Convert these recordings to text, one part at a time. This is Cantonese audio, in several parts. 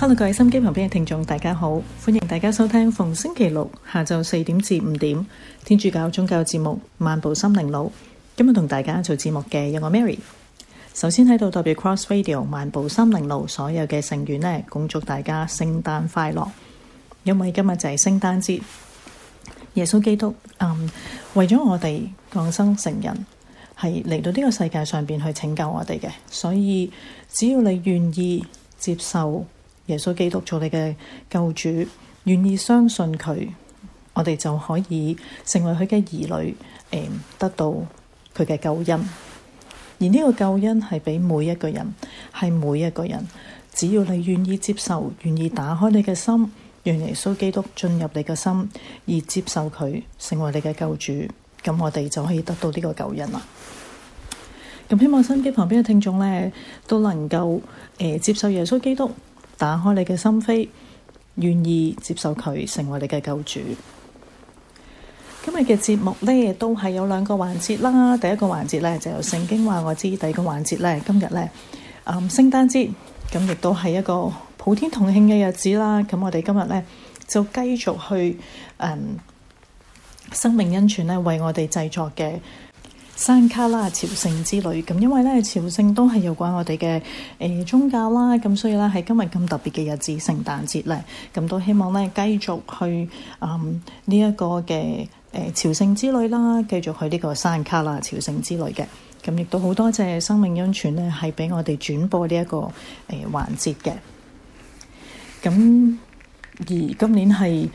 hello，各位心機旁邊嘅聽眾，大家好，歡迎大家收聽逢星期六下晝四點至五點天主教宗教節目《漫步心靈路》。今日同大家做節目嘅有我 Mary，首先喺度代表 Cross Radio《漫步心靈路》所有嘅成員呢，恭祝大家聖誕快樂。因為今日就係聖誕節，耶穌基督誒、um, 為咗我哋降生成人，係嚟到呢個世界上邊去拯救我哋嘅，所以只要你願意接受。耶穌基督做你嘅救主，願意相信佢，我哋就可以成為佢嘅兒女，誒，得到佢嘅救恩。而呢個救恩係俾每一個人，係每一個人，只要你願意接受，願意打開你嘅心，讓耶穌基督進入你嘅心，而接受佢成為你嘅救主，咁我哋就可以得到呢個救恩啦。咁希望身邊旁邊嘅聽眾咧，都能夠誒、呃、接受耶穌基督。打開你嘅心扉，願意接受佢成為你嘅救主。今日嘅節目呢，亦都係有兩個環節啦。第一個環節呢，就由聖經話我知，第二個環節呢，今日呢，嗯，聖誕節咁亦都係一個普天同慶嘅日子啦。咁我哋今日呢，就繼續去，嗯，生命恩泉呢，為我哋製作嘅。山卡拉朝聖之旅，咁因為咧朝聖都係有關我哋嘅誒宗教啦，咁所以咧喺今日咁特別嘅日子，聖誕節咧，咁都希望咧繼續去嗯呢一個嘅誒朝聖之旅啦，繼續去呢個山卡拉朝聖之旅嘅，咁亦都好多謝生命恩泉咧，係俾我哋轉播呢一個誒環節嘅。咁而今年係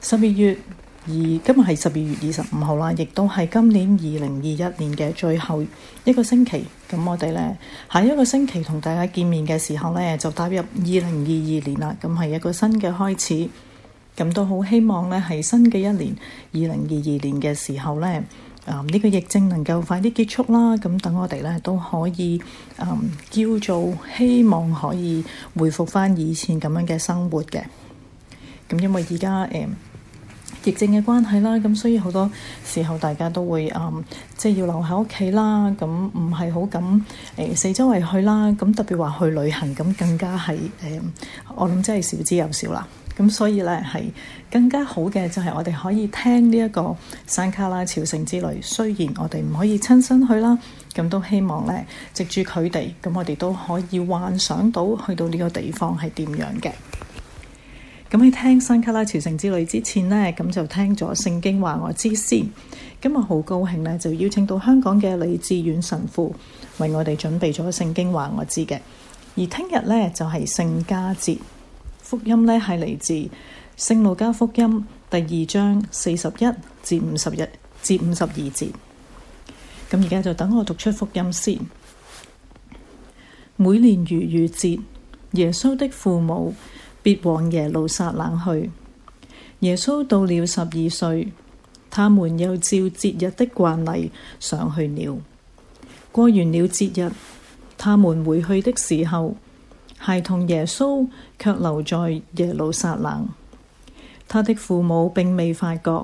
十二月。而今日係十二月二十五號啦，亦都係今年二零二一年嘅最後一個星期。咁我哋呢，下一個星期同大家見面嘅時候呢，就踏入二零二二年啦。咁係一個新嘅開始。咁都好希望呢，係新嘅一年二零二二年嘅時候呢，啊、這、呢個疫症能夠快啲結束啦。咁等我哋呢，都可以、呃、叫做希望可以回復翻以前咁樣嘅生活嘅。咁因為而家誒，呃疫症嘅關係啦，咁所以好多時候大家都會即係、嗯就是，要留喺屋企啦，咁唔係好敢誒，呃、四周圍去啦，咁特別話去旅行咁更加係誒、呃，我諗真係少之又少啦。咁所以呢，係更加好嘅就係我哋可以聽呢一個山卡拉朝聖之旅，雖然我哋唔可以親身去啦，咁都希望呢，藉住佢哋，咁我哋都可以幻想到去到呢個地方係點樣嘅。咁喺聽《山卡拉朝聖之旅》之前呢，咁就聽咗《聖經話我知》先。咁我好高興呢，就邀請到香港嘅李志遠神父為我哋準備咗《聖經話我知》嘅。而聽日呢，就係、是、聖家節，福音呢，係嚟自《聖路加福音》第二章四十一至五十一至五十二節。咁而家就等我讀出福音先。每年逾越節，耶穌的父母必往耶路撒冷去。耶穌到了十二歲，他們又照節日的慣例上去了。過完了節日，他們回去的時候，孩童耶穌卻留在耶路撒冷。他的父母並未發覺，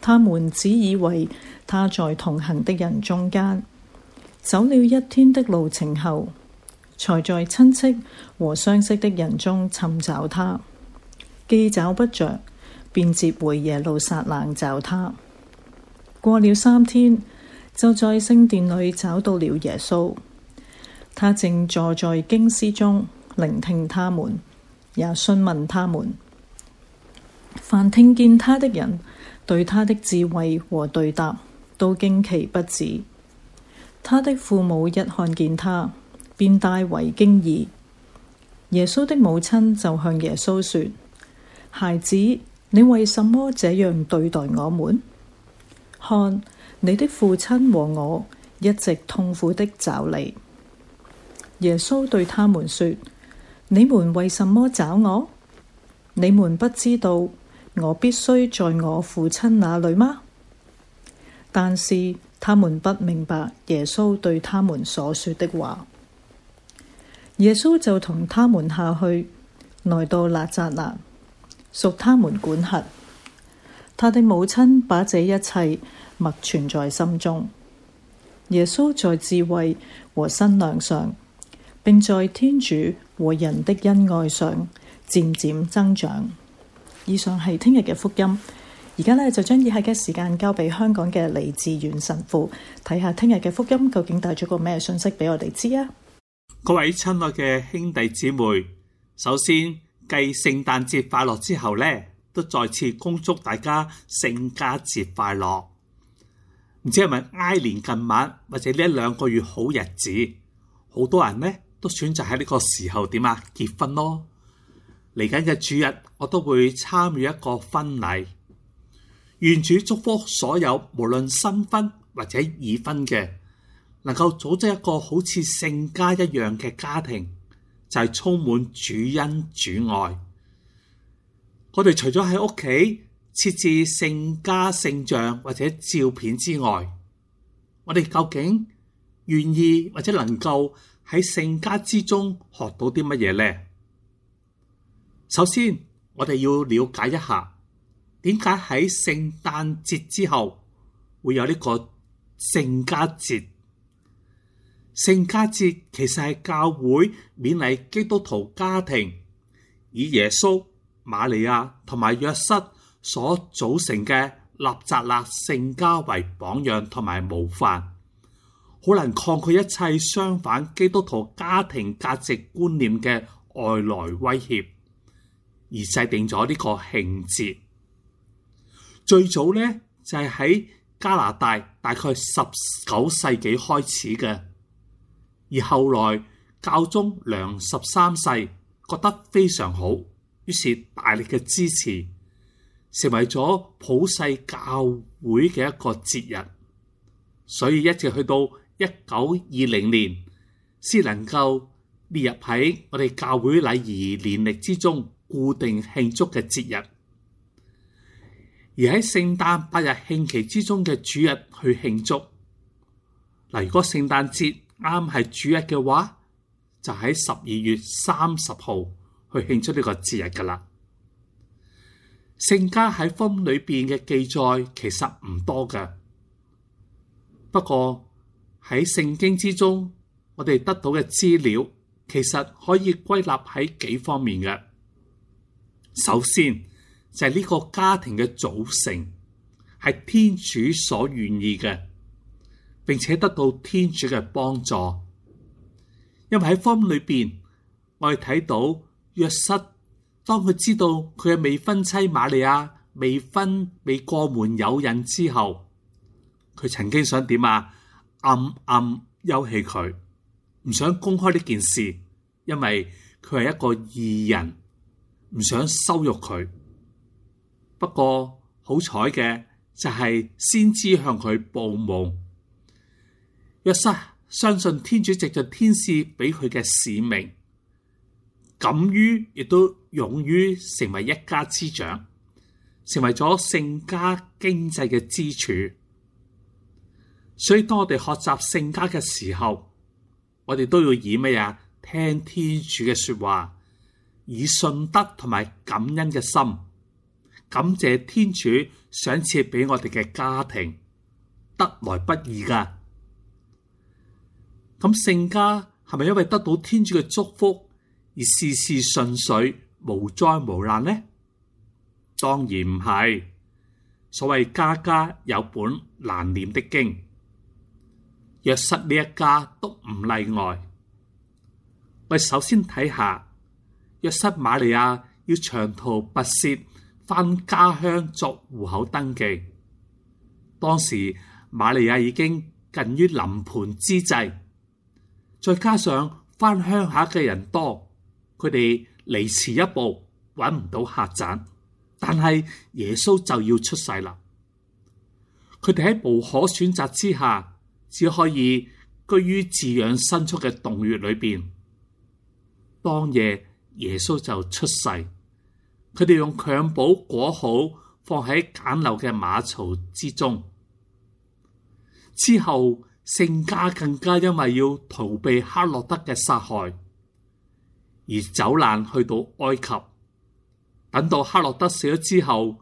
他們只以為他在同行的人中間。走了一天的路程後，才在親戚和相識的人中尋找他，既找不着，便折回耶路撒冷找他。過了三天，就在聖殿裏找到了耶穌，他正坐在經師中聆聽他們，也詢問他們。凡聽見他的人，對他的智慧和對答都驚奇不止。他的父母一看見他，便大為驚異，耶穌的母親就向耶穌說：孩子，你為什麼這樣對待我們？看你的父親和我一直痛苦的找你。耶穌對他們說：你們為什麼找我？你們不知道我必須在我父親那裡嗎？但是他們不明白耶穌對他們所說的話。耶穌就同他們下去，來到納匝肋，屬他們管轄。他的母親把這一切默存在心中。耶穌在智慧和身量上，並在天主和人的恩愛上漸漸增長。以上係聽日嘅福音，而家呢就將以下嘅時間交俾香港嘅李志遠神父，睇下聽日嘅福音究竟帶咗個咩信息俾我哋知啊！各位親愛嘅兄弟姊妹，首先繼聖誕節快樂之後呢，都再次恭祝大家聖家節快樂。唔知係咪挨年近晚或者呢兩個月好日子，好多人呢都選擇喺呢個時候點啊結婚咯。嚟緊嘅主日，我都會參與一個婚禮。願主祝福所有無論新婚或者已婚嘅。能夠組織一個好似聖家一樣嘅家庭，就係充滿主恩主愛。我哋除咗喺屋企設置聖家聖像或者照片之外，我哋究竟願意或者能夠喺聖家之中學到啲乜嘢呢？首先，我哋要了解一下點解喺聖誕節之後會有呢個聖家節。聖家節其實係教會勉勵基督徒家庭以耶穌、瑪利亞同埋約瑟所組成嘅納扎勒聖家為榜樣同埋模範，好難抗拒一切相反基督徒家庭價值觀念嘅外來威脅，而制定咗呢個慶節。最早咧就係喺加拿大，大概十九世紀開始嘅。而後來教宗良十三世覺得非常好，於是大力嘅支持，成為咗普世教會嘅一個節日。所以一直去到一九二零年，先能夠列入喺我哋教會禮儀年曆之中固定慶祝嘅節日。而喺聖誕八日慶期之中嘅主日去慶祝，如果聖誕節，啱係主日嘅話，就喺十二月三十號去慶祝呢個節日噶啦。聖家喺福音裏邊嘅記載其實唔多㗎。不過喺聖經之中，我哋得到嘅資料其實可以歸納喺幾方面嘅。首先就係、是、呢個家庭嘅組成係天主所願意嘅。並且得到天主嘅幫助，因為喺福音裏邊，我哋睇到約瑟當佢知道佢嘅未婚妻瑪利亞未婚未過門有孕之後，佢曾經想點啊？暗暗休棄佢，唔想公開呢件事，因為佢係一個義人，唔想羞辱佢。不過好彩嘅就係先知向佢報夢。若瑟相信天主藉着天使俾佢嘅使命，敢於亦都勇於成為一家之長，成為咗聖家經濟嘅支柱。所以當我哋學習聖家嘅時候，我哋都要以咩啊？聽天主嘅說話，以信德同埋感恩嘅心，感謝天主賞賜俾我哋嘅家庭得來不易噶。咁聖家係咪因為得到天主嘅祝福而事事順遂無災無難呢？當然唔係。所謂家家有本難念的經，約瑟呢一家都唔例外。我哋首先睇下約瑟瑪利亞要長途跋涉翻家鄉作戶口登記，當時瑪利亞已經近於臨盆之際。.再加上翻鄉下嘅人多，佢哋嚟遲一步揾唔到客棧，但係耶穌就要出世啦。佢哋喺無可選擇之下，只可以居於自養伸出嘅洞穴裏邊。當夜耶穌就出世，佢哋用襁褓裹好，放喺簡陋嘅馬槽之中之後。聖家更加因為要逃避克洛德嘅殺害，而走難去到埃及。等到克洛德死咗之後，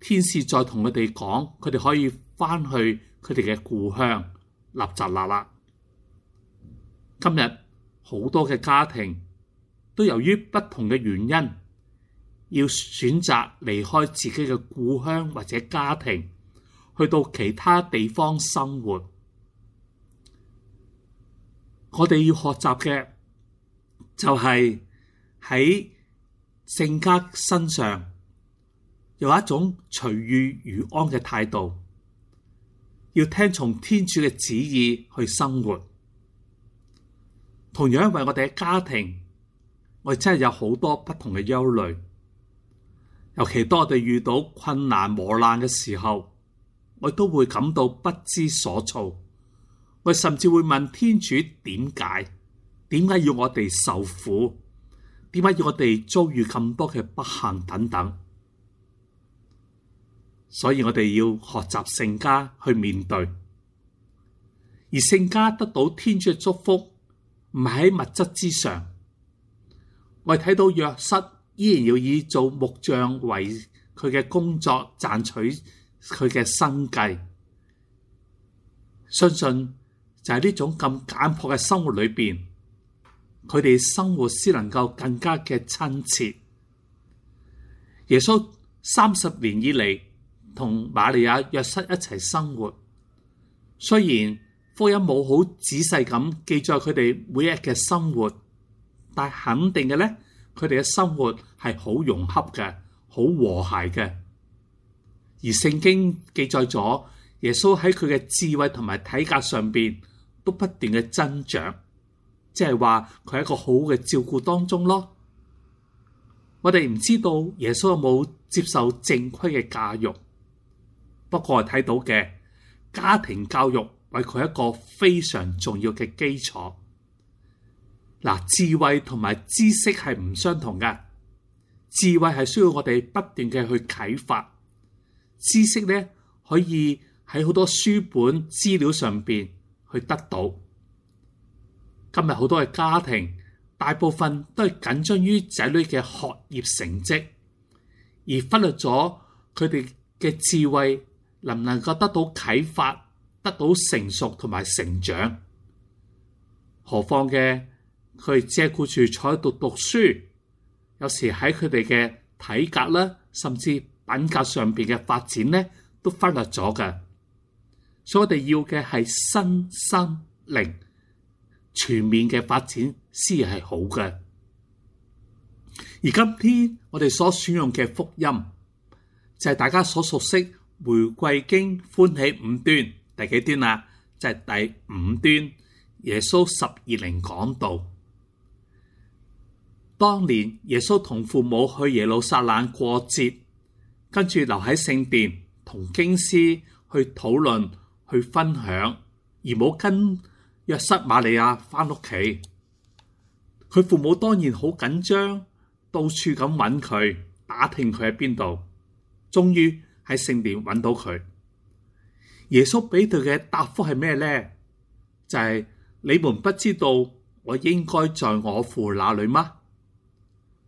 天使再同佢哋講，佢哋可以翻去佢哋嘅故鄉納澤那啦。今日好多嘅家庭都由於不同嘅原因，要選擇離開自己嘅故鄉或者家庭，去到其他地方生活。我哋要學習嘅就係喺性格身上有一種隨遇而安嘅態度，要聽從天主嘅旨意去生活。同樣為我哋嘅家庭，我哋真係有好多不同嘅憂慮，尤其當我哋遇到困難磨難嘅時候，我都會感到不知所措。我甚至會問天主點解？點解要我哋受苦？點解要我哋遭遇咁多嘅不幸等等？所以我哋要學習聖家去面對，而聖家得到天主嘅祝福，唔係喺物質之上。我哋睇到約瑟依然要以做木匠為佢嘅工作賺取佢嘅生計，相信。就係呢種咁簡樸嘅生活裏面，佢哋生活先能夠更加嘅親切。耶穌三十年以嚟同瑪利亞約瑟一齊生活，雖然福音冇好仔細咁記載佢哋每日嘅生活，但肯定嘅咧，佢哋嘅生活係好融洽嘅、好和諧嘅。而聖經記載咗耶穌喺佢嘅智慧同埋體格上面。都不斷嘅增長，即係話佢喺一個好嘅照顧當中咯。我哋唔知道耶穌有冇接受正規嘅教育，不過我哋睇到嘅家庭教育為佢一個非常重要嘅基礎。嗱，智慧同埋知識係唔相同嘅。智慧係需要我哋不斷嘅去啟發，知識咧可以喺好多書本資料上邊。去得到今日好多嘅家庭，大部分都係緊張於仔女嘅學業成績，而忽略咗佢哋嘅智慧能唔能夠得到啟發，得到成熟同埋成長，何況嘅佢哋借顧住坐喺度讀書，有時喺佢哋嘅體格啦，甚至品格上邊嘅發展咧，都忽略咗嘅。所以我哋要嘅係新生靈全面嘅發展，先係好嘅。而今天我哋所選用嘅福音就係、是、大家所熟悉《玫瑰經》歡喜五端第幾端啊？就係、是、第五端。耶穌十二零講道，當年耶穌同父母去耶路撒冷過節，跟住留喺聖殿同經師去討論。去分享，而冇跟約瑟瑪利亞翻屋企。佢父母當然好緊張，到處咁揾佢，打聽佢喺邊度。終於喺聖殿揾到佢。耶穌俾佢嘅答覆係咩咧？就係你們不知道我應該在我父那裏嗎？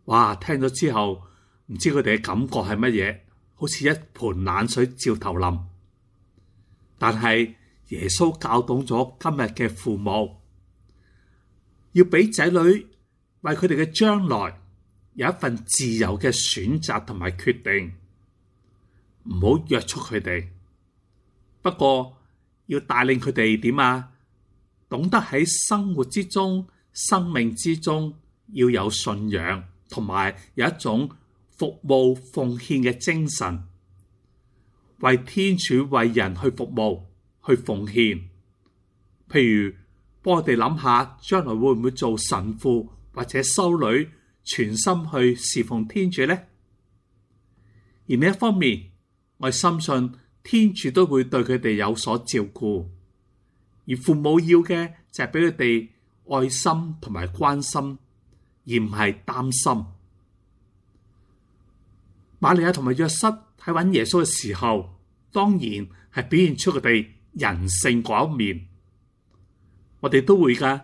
哇！聽咗之後，唔知佢哋嘅感覺係乜嘢，好似一盆冷水照頭淋。但係耶穌教懂咗今日嘅父母，要畀仔女為佢哋嘅將來有一份自由嘅選擇同埋決定，唔好約束佢哋。不過要帶領佢哋點啊？懂得喺生活之中、生命之中要有信仰，同埋有一種服務奉獻嘅精神。為天主為人去服務去奉獻，譬如幫我哋諗下將來會唔會做神父或者修女，全心去侍奉天主呢？而另一方面，我哋深信天主都會對佢哋有所照顧，而父母要嘅就係俾佢哋愛心同埋關心，而唔係擔心。瑪利亞同埋約瑟。喺揾耶穌嘅時候，當然係表現出佢哋人性嗰一面。我哋都會㗎，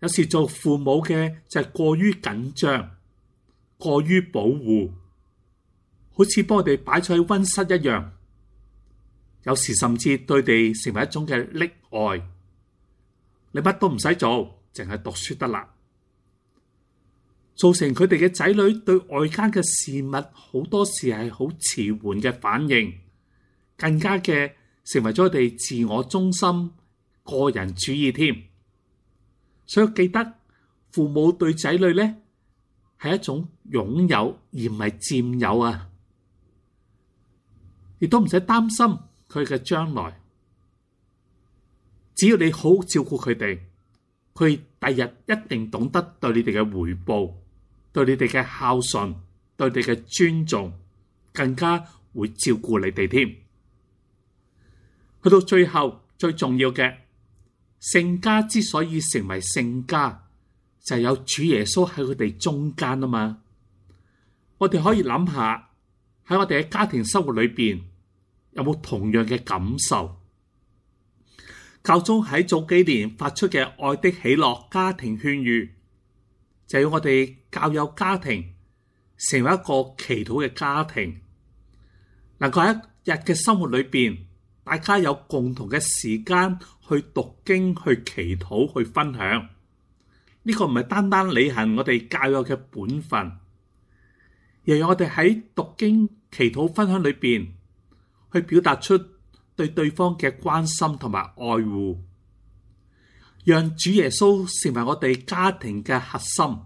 有時做父母嘅就係過於緊張、過於保護，好似幫我哋擺出去温室一樣。有時甚至對佢哋成為一種嘅溺愛，你乜都唔使做，淨係讀書得啦。造成佢哋嘅仔女對外間嘅事物好多時係好遲緩嘅反應，更加嘅成為咗佢哋自我中心、個人主義添。所以記得父母對仔女咧，係一種擁有而唔係佔有啊！亦都唔使擔心佢嘅將來，只要你好好照顧佢哋，佢第日一定懂得對你哋嘅回報。對你哋嘅孝順，對你嘅尊重，更加會照顧你哋添。去到最後最重要嘅，聖家之所以成為聖家，就係、是、有主耶穌喺佢哋中間啊嘛。我哋可以諗下，喺我哋嘅家庭生活裏邊，有冇同樣嘅感受？教宗喺早幾年發出嘅《愛的喜樂家庭勸喻」。就要我哋教友家庭成為一個祈禱嘅家庭，能夠喺一日嘅生活裏邊，大家有共同嘅時間去讀經、去祈禱、去分享。呢、這個唔係單單履行我哋教友嘅本分，而要我哋喺讀經、祈禱、分享裏邊，去表達出對對方嘅關心同埋愛護。讓主耶穌成為我哋家庭嘅核心，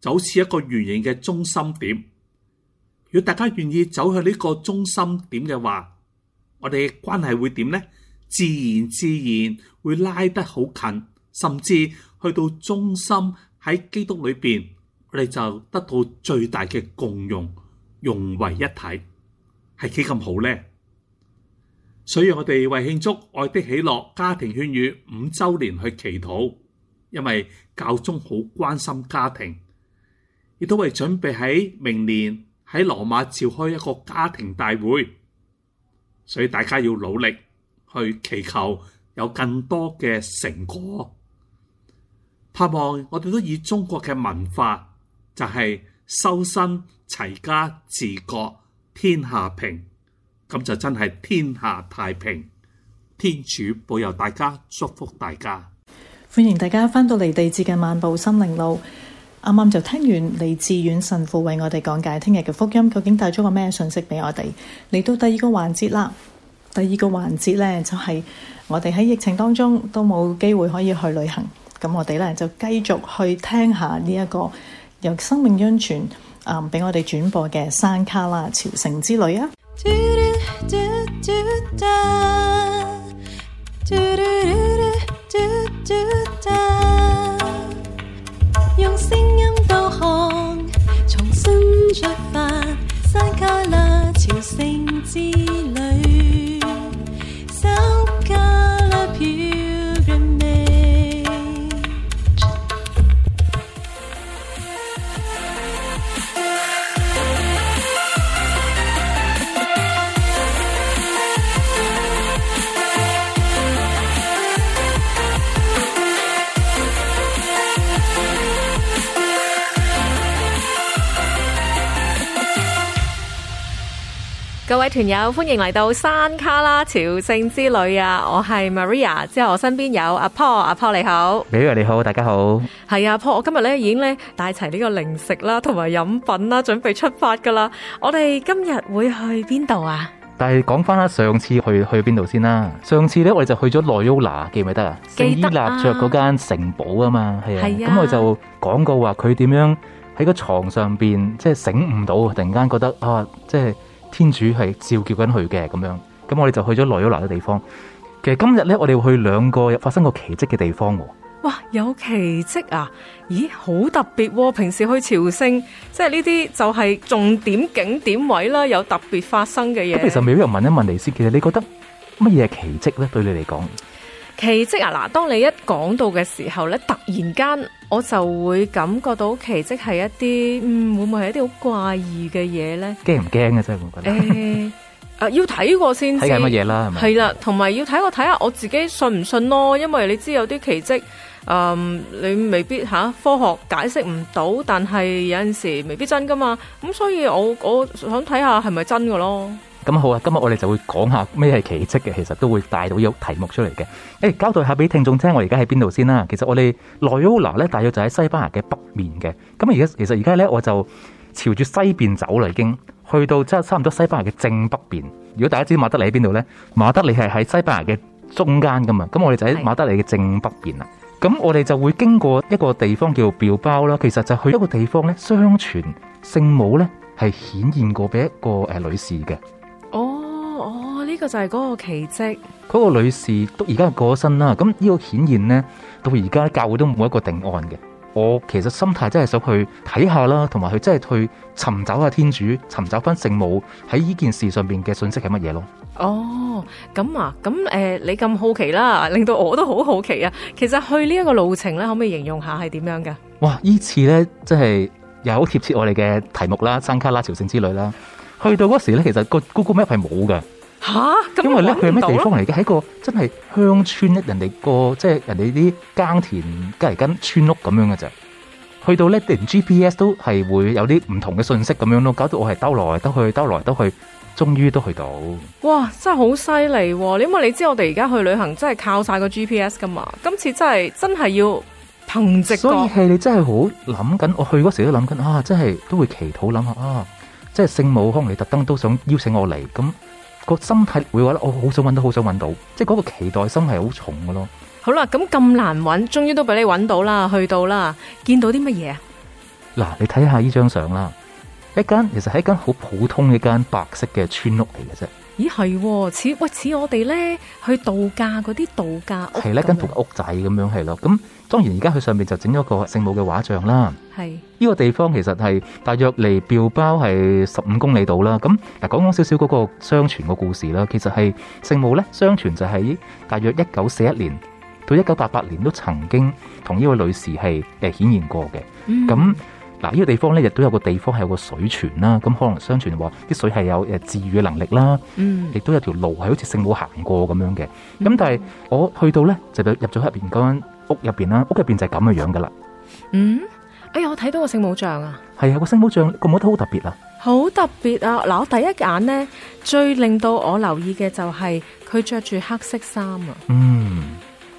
就好似一個圓形嘅中心點。如果大家願意走去呢個中心點嘅話，我哋嘅關係會點咧？自然自然會拉得好近，甚至去到中心喺基督裏面，我哋就得到最大嘅共融，融為一體，係幾咁好咧？所以，我哋為慶祝《愛的喜樂》家庭勸諭五週年去祈禱，因為教宗好關心家庭，亦都為準備喺明年喺羅馬召開一個家庭大會，所以大家要努力去祈求有更多嘅成果。盼望我哋都以中國嘅文化就是，就係修身齊家治國天下平。咁就真係天下太平，天主保佑大家，祝福大家。歡迎大家翻到嚟地接嘅漫步心靈路，啱啱就聽完黎志遠神父為我哋講解聽日嘅福音，究竟帶咗個咩信息俾我哋？嚟到第二個環節啦，第二個環節呢，就係、是、我哋喺疫情當中都冇機會可以去旅行，咁我哋呢就繼續去聽下呢一個由生命恩泉啊俾我哋轉播嘅山卡啦朝聖之旅啊！用聲音導航，重新出發，塞卡拉朝聖之旅。各位團友，歡迎嚟到山卡拉朝聖之旅啊！我係 Maria，之後我身邊有阿 Paul，阿 Paul 你好，Maria 你好，大家好。係啊，Paul，我今日咧已經咧帶齊呢個零食啦，同埋飲品啦，準備出發噶啦。我哋今日會去邊度啊？但係講翻啦，上次去去邊度先啦？上次咧我哋就去咗 Loyola，記唔記得啊？記得啊。聖伊納爵嗰間城堡啊嘛，係啊，係啊。咁我就講過話，佢點樣喺個床上邊，即係醒唔到，突然間覺得啊，即係。天主係召叫緊佢嘅，咁樣，咁我哋就去咗奈約拿嘅地方。其實今日咧，我哋會去兩個發生過奇蹟嘅地方。哇，有奇蹟啊！咦，好特別喎，啊。平時去朝聖，即係呢啲就係重點景點位啦，有特別發生嘅嘢。咁其實秒人問一問你先，其實你覺得乜嘢係奇蹟咧？對你嚟講？奇蹟啊，嗱！當你一講到嘅時候咧，突然間我就會感覺到奇蹟係一啲，嗯，會唔會係一啲好怪異嘅嘢咧？驚唔驚嘅啫，我覺得誒， 啊，要睇過先睇係乜嘢啦，係咪？係啦，同埋要睇我睇下我自己信唔信咯，因為你知有啲奇蹟，嗯，你未必吓、啊、科學解釋唔到，但係有陣時未必真噶嘛，咁所以我我想睇下係咪真噶咯。咁好啊！今日我哋就會講下咩係奇蹟嘅，其實都會帶到呢個題目出嚟嘅。誒、哎，交代下俾聽眾聽，我而家喺邊度先啦、啊？其實我哋內烏拿咧，大約就喺西班牙嘅北面嘅。咁而家其實而家咧，我就朝住西邊走啦，已經去到即係差唔多西班牙嘅正北邊。如果大家知道馬德里喺邊度咧，馬德里係喺西班牙嘅中間噶嘛。咁我哋就喺馬德里嘅正北邊啦。咁是我哋就會經過一個地方叫比爾包啦。其實就去一個地方咧，相傳聖母咧係顯現過俾一個誒女士嘅。呢個就係嗰個奇蹟。嗰個女士都而家過咗身啦，咁呢個顯現咧，到而家教會都冇一個定案嘅。我其實心態真係想去睇下啦，同埋去真係去尋找下天主，尋找翻聖母喺呢件事上邊嘅信息係乜嘢咯。哦，咁啊，咁誒、呃，你咁好奇啦，令到我都好好奇啊。其實去呢一個路程咧，可唔可以形容下係點樣嘅？哇！這次呢次咧，即係又好貼切我哋嘅題目啦，山卡拉朝聖之旅啦。去到嗰時咧，其實個 Google Map 係冇嘅。吓，因為咧佢係咩地方嚟嘅？喺個真係鄉村，人哋個即係人哋啲耕田跟住間村屋咁樣嘅。就去到咧，連 GPS 都係會有啲唔同嘅信息咁樣咯，搞到我係兜來兜去，兜來兜去，終於都去到。哇，真係好犀利！你因為你知我哋而家去旅行真係靠晒個 GPS 噶嘛今次真係真係要憑直覺，所以係你真係好諗緊。我去嗰時都諗緊啊，真係都會祈禱諗下啊，即係聖母可能你特登都想邀請我嚟咁。個心態會話得我好、哦、想搵到，好想搵到，即係嗰個期待心係好重嘅咯。好啦，咁咁難搵，終於都俾你搵到啦，去到啦，見到啲乜嘢啊？嗱，你睇下依張相啦，一間其實係一間好普通嘅一間白色嘅村屋嚟嘅啫。咦，係似、哦、喂似我哋咧去度假嗰啲度假屋係咧，跟同屋仔咁樣係咯，咁。嗯當然，而家佢上邊就整咗個聖母嘅畫像啦。係呢個地方其實係大約離廟包係十五公里度啦。咁嗱，講講少少嗰個相傳嘅故事啦。其實係聖母咧，相傳就喺大約一九四一年到一九八八年都曾經同呢位女士係誒顯現過嘅。咁嗱，呢個地方咧亦都有個地方係有個水泉啦。咁可能相傳話啲水係有誒治癒嘅能力啦。嗯，亦都有條路係好似聖母行過咁樣嘅。咁但係我去到咧就入咗入邊咁樣。屋入邊啦，屋入邊就係咁嘅樣噶啦。嗯，哎呀，我睇到個聖母像啊，係啊，個聖母像個模都好特別啊。好特別啊！嗱，我第一眼咧，最令到我留意嘅就係佢着住黑色衫啊。嗯，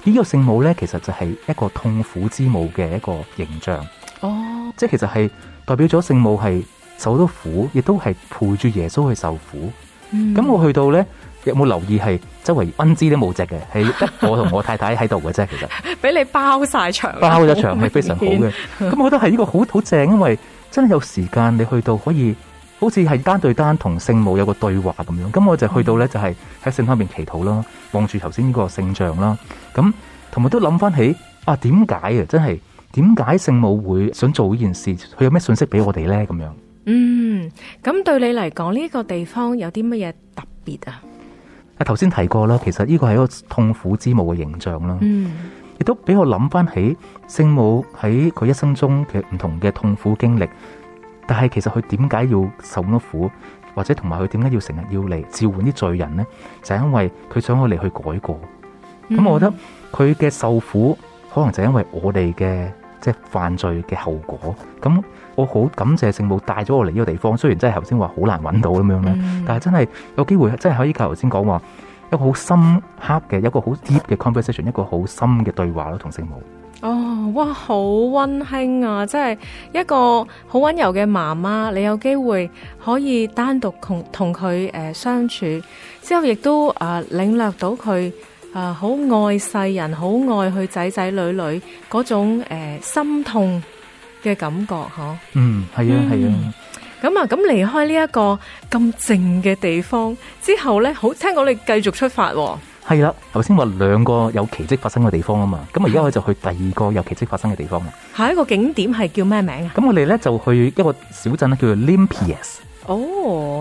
呢個聖母咧，其實就係一個痛苦之母嘅一個形象。哦，即係其實係代表咗聖母係受咗苦，亦都係陪住耶穌去受苦。嗯，咁、嗯、我去到咧。有冇留意係周圍蚊子都冇隻嘅，係我同我太太喺度嘅啫。其實俾 你包晒場，包咗場係非常好嘅。咁明天 我覺得係呢個好好正，因為真係有時間你去到可以好似係單對單同聖母有個對話咁樣。咁我就去到咧，就係喺聖方面祈禱啦，望住頭先呢個聖像啦。咁同埋都諗翻起啊，點解啊？真係點解聖母會想做呢件事？佢有咩信息俾我哋咧？咁樣嗯，咁對你嚟講呢個地方有啲乜嘢特別啊？啊！頭先提過啦，其實呢個係一個痛苦之母嘅形象啦，亦、嗯、都俾我諗翻起聖母喺佢一生中嘅唔同嘅痛苦經歷。但係其實佢點解要受咁多苦，或者同埋佢點解要成日要嚟召喚啲罪人咧？就係、是、因為佢想我哋去改過。咁、嗯、我覺得佢嘅受苦，可能就係因為我哋嘅即係犯罪嘅後果咁。我好感謝聖母帶咗我嚟呢個地方，雖然真係頭先話好難揾到咁樣咧，但係真係有機會真係可以頭先講話一個好深刻嘅一個好 deep 嘅 conversation，一個好深嘅對話咯，同聖母。哦，哇，好溫馨啊！即係一個好溫柔嘅媽媽，你有機會可以單獨同同佢誒相處，之後亦都啊領略到佢啊好愛世人，好愛佢仔仔女女嗰種誒心痛。嘅感覺嗬，嗯係啊係啊，咁、嗯、啊咁離開呢一個咁靜嘅地方之後咧，好聽講你繼續出發，哦，係啦，啊，頭先話兩個有奇蹟發生嘅地方啊嘛，咁啊而家我哋就去第二個有奇蹟發生嘅地方啦。下一個景點係叫咩名啊？咁我哋咧就去一個小鎮咧，叫做 Limpias。哦、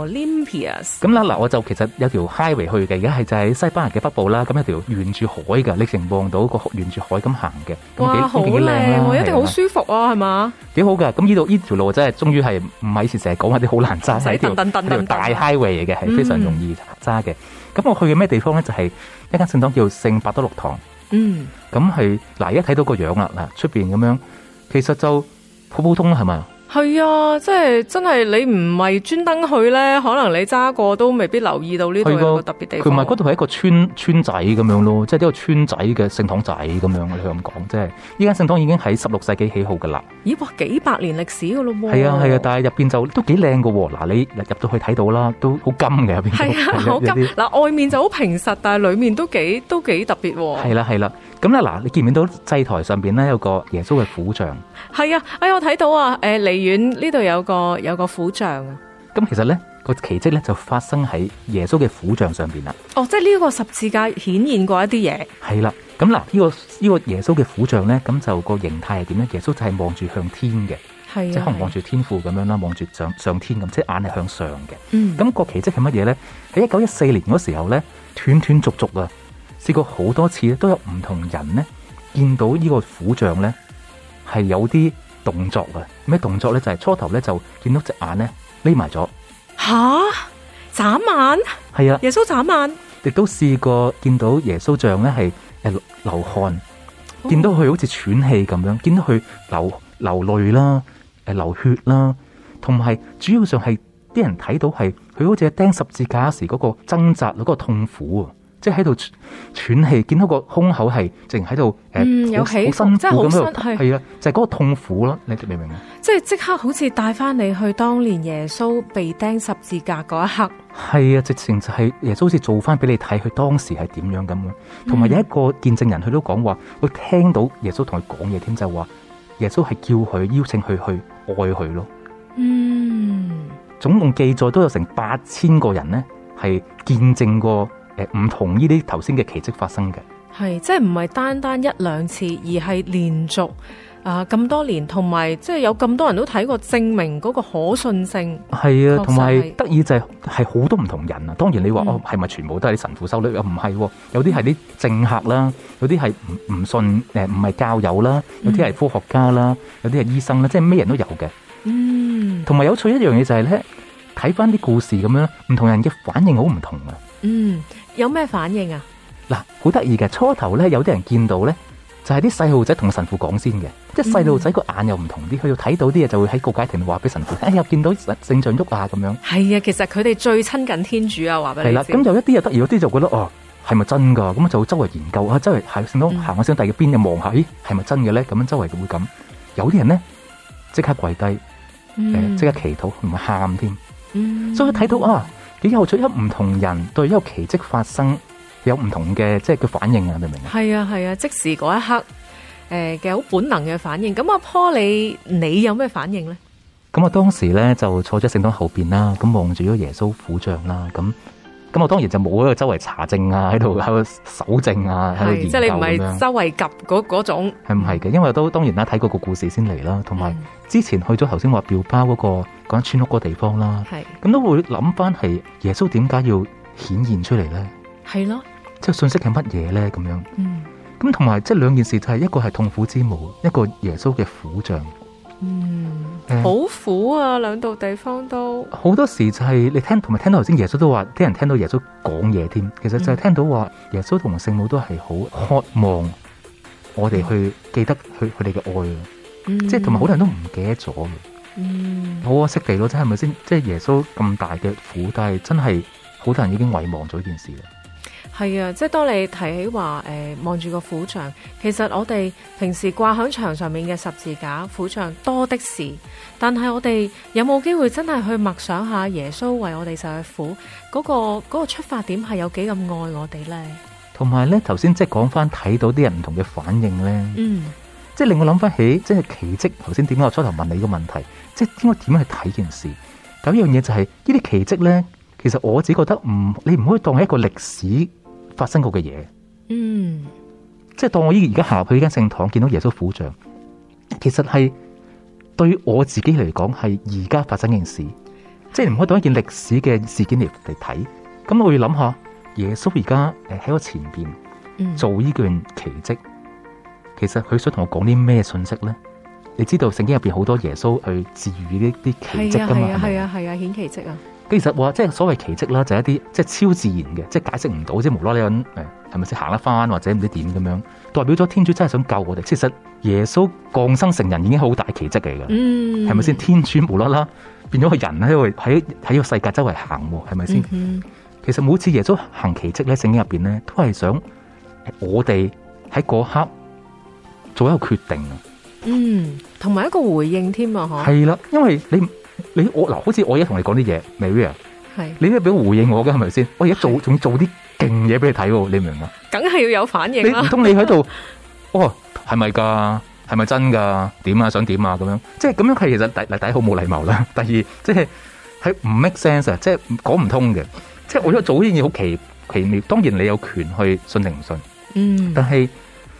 oh，Limpias，咁啦嗱，我就其實有條 highway 去嘅，而家係就喺西班牙嘅北部啦，咁有條沿住海嘅，你成望到個沿住海咁行嘅，咁哇，好靚，一定好舒服啊，係嘛？幾好㗎。咁呢度呢條路真係終於係唔係以前成日講話啲好難揸，晒一條大 highway 嘅，係非常容易揸嘅。咁、嗯、我去嘅咩地方咧？就係、是、一間聖堂叫聖伯多祿堂，嗯，咁係嗱而家睇到個樣啦，嗱出面咁樣，其實就普普通通係嘛？係啊，即係真係你唔係專登去咧，可能你揸過都未必留意到呢度有個特別地方。佢唔係嗰度係一個村村仔咁樣咯，即係呢個村仔嘅聖堂仔咁樣。你咁講，即係依間聖堂已經喺十六世紀起好噶啦。咦！哇，幾百年歷史噶咯。係啊係啊，但係入邊就都幾靚噶。嗱，你入到去睇到啦，都好金嘅入邊。係啊的，好的金。嗱的，外面就好平實，但係裏面都幾都幾特別。係啦係啦。是咁咧嗱，你見唔見到祭台上邊咧有個耶穌嘅苦像？係啊，哎我睇到啊，誒、呃、離遠呢度有個有個苦像啊。咁其實咧、個奇跡咧就發生喺耶穌嘅苦像上邊啦。哦，即係呢個十字架顯現過一啲嘢。係啦、啊，咁嗱、呢個，呢個呢個耶穌嘅苦像咧，咁就個形態係點咧？耶穌就係望住向天嘅，係、啊、即可能望住天父咁樣啦，望住上上天咁，即係眼係向上嘅。嗯，咁個奇跡係乜嘢咧？喺一九一四年嗰時候咧，斷斷續續啊。試過好多次咧，都有唔同人咧見到個虎呢個苦像咧，係有啲動作嘅。咩動作咧？就係、是、初頭咧就見到隻眼咧匿埋咗。吓，眨眼。係啊，耶穌眨眼。亦都試過見到耶穌像咧，係誒流汗，哦、見到佢好似喘氣咁樣，見到佢流流淚啦，誒流血啦，同埋主要上係啲人睇到係佢好似釘十字架時嗰個掙扎嗰、那個痛苦啊。即係喺度喘氣，見到個胸口係直情喺度誒，好辛苦咁樣，係啦的，就係、是、嗰個痛苦咯。你明唔明啊？即係即刻好似帶翻你去當年耶穌被釘十字架嗰一刻。係啊，直情就係耶穌好似做翻俾你睇，佢當時係點樣咁咯。同埋、嗯、有一個見證人他，佢都講話，佢聽到耶穌同佢講嘢，添就係話耶穌係叫佢邀請佢去愛佢咯。嗯，總共記載都有成八千個人咧，係見證過。誒，唔同呢啲頭先嘅奇蹟發生嘅，係即係唔係單單一兩次，而係連續啊咁多年，同埋即係有咁多人都睇過，證明嗰個可信性係啊，同埋得意就係係好多唔同人啊。當然你話、嗯、哦，係咪全部都係神父修女啊？唔係，哦，有啲係啲政客啦，有啲係唔唔信誒，唔係教友啦，有啲係科學家啦，嗯，有啲係醫生啦，即係咩人都有嘅。嗯，同埋有趣一樣嘢就係咧，睇翻啲故事咁樣，唔同人嘅反應好唔同啊。嗯。有咩反應啊？嗱，好得意嘅初頭咧，有啲人見到咧，就係啲細路仔同神父講先嘅。嗯、即係細路仔個眼又唔同啲，佢要睇到啲嘢就會喺告解亭話俾神父。哎呀，見到聖像喐下咁樣。係啊，其實佢哋最親近天主啊，話俾你的。係啦先，咁就一啲又得意，有啲就覺得哦，係、啊、咪真噶？咁就會周圍研究啊，周圍行聖龕行下想第二邊又望下，咦，係、啊、咪真嘅咧？咁樣周圍會咁。有啲人咧即刻跪低，即、嗯呃、刻祈禱，仲喊添。嗯、所以睇到啊。佢有出一唔同人對一個奇蹟發生有唔同嘅，即係嘅反應啊，明唔明啊？係啊係啊，即時嗰一刻，誒嘅好本能嘅反應。咁阿 Paul，你你有咩反應咧？咁啊，當時咧就坐咗聖堂後邊啦，咁望住咗耶穌苦像啦，咁。咁我當然就冇喺度周圍查證啊，喺度喺度搜證啊，喺度研究、嗯、即係你唔係周圍及嗰嗰種。係唔係嘅？因為都當然啦，睇過個故事先嚟啦，同埋、嗯、之前去咗頭先話廟包嗰個嗰間、那個、村屋嗰個地方啦。係是。咁都會諗翻係耶穌點解要顯現出嚟咧？係咯的、嗯。即係信息係乜嘢咧？咁樣。嗯。咁同埋即係兩件事就係、是、一個係痛苦之母，一個耶穌嘅苦像。嗯。好、嗯、苦啊！兩度地方都好多時就係、是、你聽同埋聽到頭先耶穌都話，啲人聽到耶穌講嘢添。其實就係聽到話耶穌同聖母都係好渴望我哋去記得佢佢哋嘅愛，即係同埋好多人都唔記得咗嘅。嗯、好可惜地咯，真係咪先？即係耶穌咁大嘅苦，但係真係好多人已經遺忘咗呢件事。係啊，即係當你提起話誒，望、呃、住個苦像，其實我哋平時掛喺牆上面嘅十字架、苦像多的是，但係我哋有冇機會真係去默想下耶穌為我哋受嘅苦，嗰、嗰個、嗰個出發點係有幾咁愛我哋咧？呢同埋咧，頭先即係講翻睇到啲人唔同嘅反應咧，嗯，即係令我諗翻起，即係奇蹟。頭先點解我初頭問你個問題，即係點解點樣去睇件事？咁樣嘢就係、是、呢啲奇蹟咧，其實我自己覺得唔，你唔可以當係一個歷史。發生過嘅嘢，嗯，即係當我依而家行入去呢間聖堂，見到耶穌苦像，其實係對我自己嚟講係而家發生件事，即係唔可以當一件歷史嘅事件嚟嚟睇。咁我要諗下，耶穌而家誒喺我前邊做呢段奇蹟，嗯、其實佢想同我講啲咩信息咧？你知道聖經入邊好多耶穌去治癒呢啲奇蹟噶嘛？係啊係啊顯奇蹟啊！其實話即係所謂奇蹟啦，就係一啲即係超自然嘅，即係解釋唔到，即係無啦啦咁誒，係咪先行得翻或者唔知點咁樣，代表咗天主真係想救我哋。其實耶穌降生成人已經好大奇蹟嚟噶，嗯，係咪先天主無啦啦變咗個人喺度喺喺個世界周圍行，係咪先？嗯，其實每次耶穌行奇蹟咧，聖經入邊咧都係想我哋喺嗰刻做一個決定啊，嗯，同埋一個回應添啊，嗬，係啦，因為你。你我嗱，好似我而家同你講啲嘢 v i v i 係你都要俾回應我嘅，係咪先？我而家做仲是要做啲勁嘢俾你睇，你明唔明啊？梗係要有反應，你唔通你喺度， 哦，係咪噶？係咪真噶？點啊？想點啊？咁樣，即係咁樣係，其實第一第好冇禮貌啦。第二，即係係唔 make sense 啊，嗯、即係講唔通嘅。即係我而家做呢件嘢好奇奇妙，當然你有權去信定唔信，嗯，但係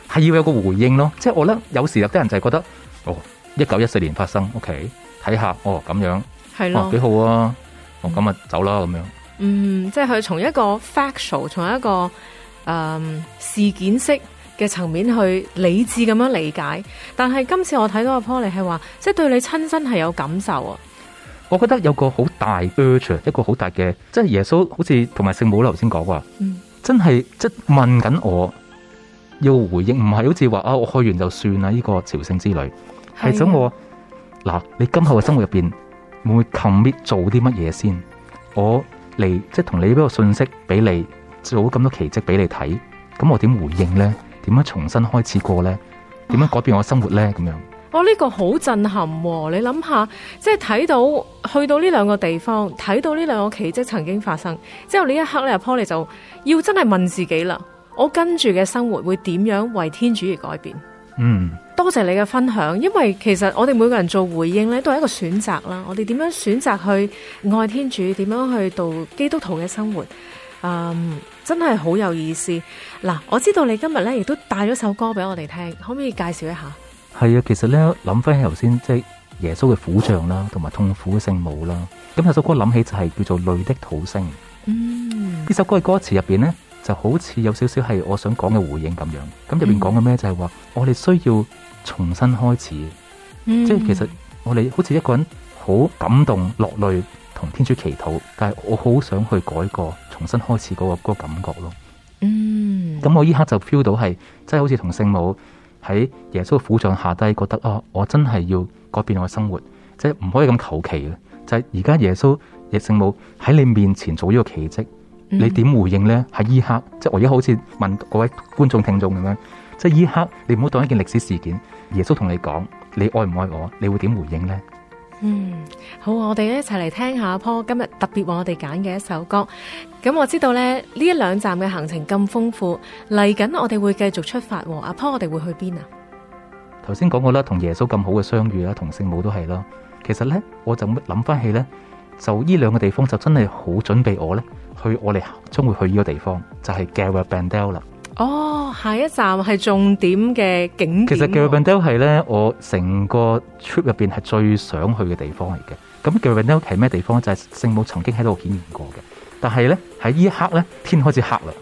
係要有個回應咯。即係我覺得有時有啲人就係覺得，哦，一九一四年發生，OK。睇下哦，咁樣係咯，幾的、哦、好啊！嗯、哦，咁啊，走啦咁樣嗯是 ual。嗯，即係佢從一個 factual 從一個誒事件式嘅層面去理智咁樣理解。但係今次我睇到阿 Paulie 係話，即係對你親身係有感受啊！我覺得有個好大 urge，一個好大嘅，即係耶穌好似同埋聖母啦，頭先講噶，真係即係問緊我，要回應，唔係好似話啊，我去完就算啦，呢、這個朝聖之旅係咁的我。嗱，你今後嘅生活入邊會唔會 commit 做啲乜嘢先？我嚟即係同你呢個信息俾你，做咁多奇蹟俾你睇，咁我點回應呢？點樣重新開始過呢？點樣改變我生活呢？咁哇樣，我呢、呢個好震撼、哦。你諗下，即係睇到去到呢兩個地方，睇到呢兩個奇蹟曾經發生之後，呢一刻咧，阿 Paulie 就要真係問自己啦：我跟住嘅生活會點樣為天主而改變？嗯。多謝你嘅分享，因為其實我哋每個人做回應咧，都係一個選擇啦。我哋點樣選擇去愛天主，點樣去度基督徒嘅生活，嗯，真係好有意思。嗱，我知道你今日咧，亦都帶咗首歌俾我哋聽，可唔可以介紹一下？係啊，其實咧，諗翻起頭先，即係耶穌嘅苦像啦，同埋痛苦嘅聖母啦，咁有首歌諗起就係叫做《淚的土星》。嗯，呢首歌嘅歌詞入邊咧，就好似有少少係我想講嘅回應咁樣。咁入邊講嘅咩就係話，我哋需要，重新開始，嗯、即係其實我哋好似一個人好感動落淚，同天主祈禱，但係我好想去改過，重新開始嗰個嗰個感覺咯。嗯，咁我依刻就 feel 到係，即係好似同聖母喺耶穌嘅苦像下低，覺得啊，我真係要改變我嘅生活，即係唔可以咁求其嘅。就係而家耶穌亦聖母喺你面前做呢個奇蹟，你點回應咧？喺依刻，即係我而家好似問各位觀眾聽眾咁樣，即係依刻你唔好當一件歷史事件。耶穌同你講，你愛唔愛我？你會點回應呢？嗯，好，我哋一齊嚟聽下阿坡今日特別為我哋揀嘅一首歌。咁我知道咧，呢一兩站嘅行程咁豐富，嚟緊我哋會繼續出發，哦。阿坡，我哋會去邊啊？頭先講過啦，同耶穌咁好嘅相遇啦，同聖母都係啦。其實咧，我就諗翻起咧，就呢兩個地方就真係好準備我咧，去我哋將會去呢個地方，就係、是、Garabandal 啦。哦，下一站係重點嘅景點。啊，其實 Garabandal 係咧，我成個 trip 入邊係最想去嘅地方嚟嘅。咁 Garabandal 係咩地方？就係、是、聖母曾經喺度顯現過嘅。但係咧，喺呢一刻咧，天開始黑啦。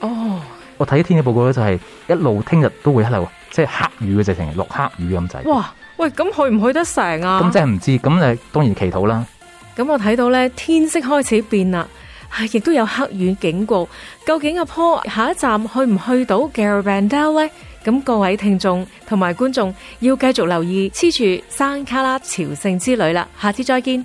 哦，我睇天氣報告咧，就係一路聽日都會喺度，即係黑雨嘅直情，落黑雨咁滯、就是。哇，喂，咁去唔去得成啊？咁即係唔知道，咁誒，當然祈禱啦。咁我睇到咧，天色開始變啦。亦都有黑雨警告，究竟阿 Paul 下一站去唔去到 Garabandal 咧？咁各位聽眾同埋觀眾要繼續留意黐住山卡拉朝聖之旅啦！下次再見。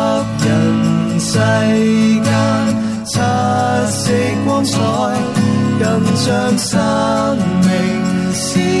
世間七色光彩，更像生命。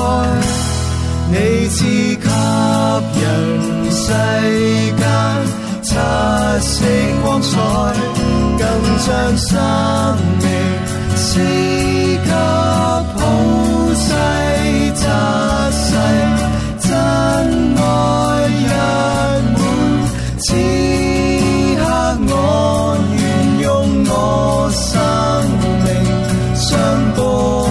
你賜給人世間七色光彩，更將生命賜給普世雜世，真愛若滿，此刻我願用我生命相伴。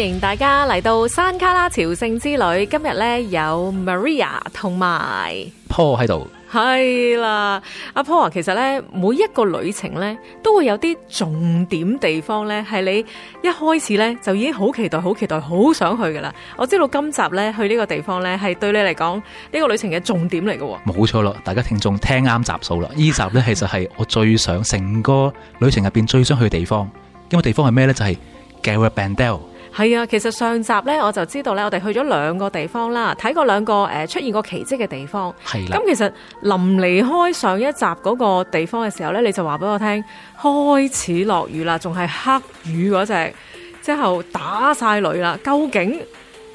歡迎大家嚟到山卡拉朝聖之旅。今日咧有 Maria 同埋 Paul 喺度。係啦，阿 Paul 啊，其實咧每一個旅程咧都會有啲重點地方咧，係你一開始咧就已經好期待、好期待、好想去噶啦。我知道今集咧去呢個地方咧係對你嚟講呢個旅程嘅重點嚟噶喎。冇錯咯，大家聽眾聽啱集數啦。呢集咧其實係我最想成個旅程入邊最想去嘅地方。呢個地方係咩咧？就係 Garabandal。係啊，其實上集咧我就知道咧，我哋去咗兩個地方啦，睇過兩個誒、呃、出現過奇跡嘅地方。係啦是的、嗯。咁其實臨離開上一集嗰個地方嘅時候咧，你就話俾我聽開始落雨啦，仲係黑雨嗰隻，之後打晒雷啦。究竟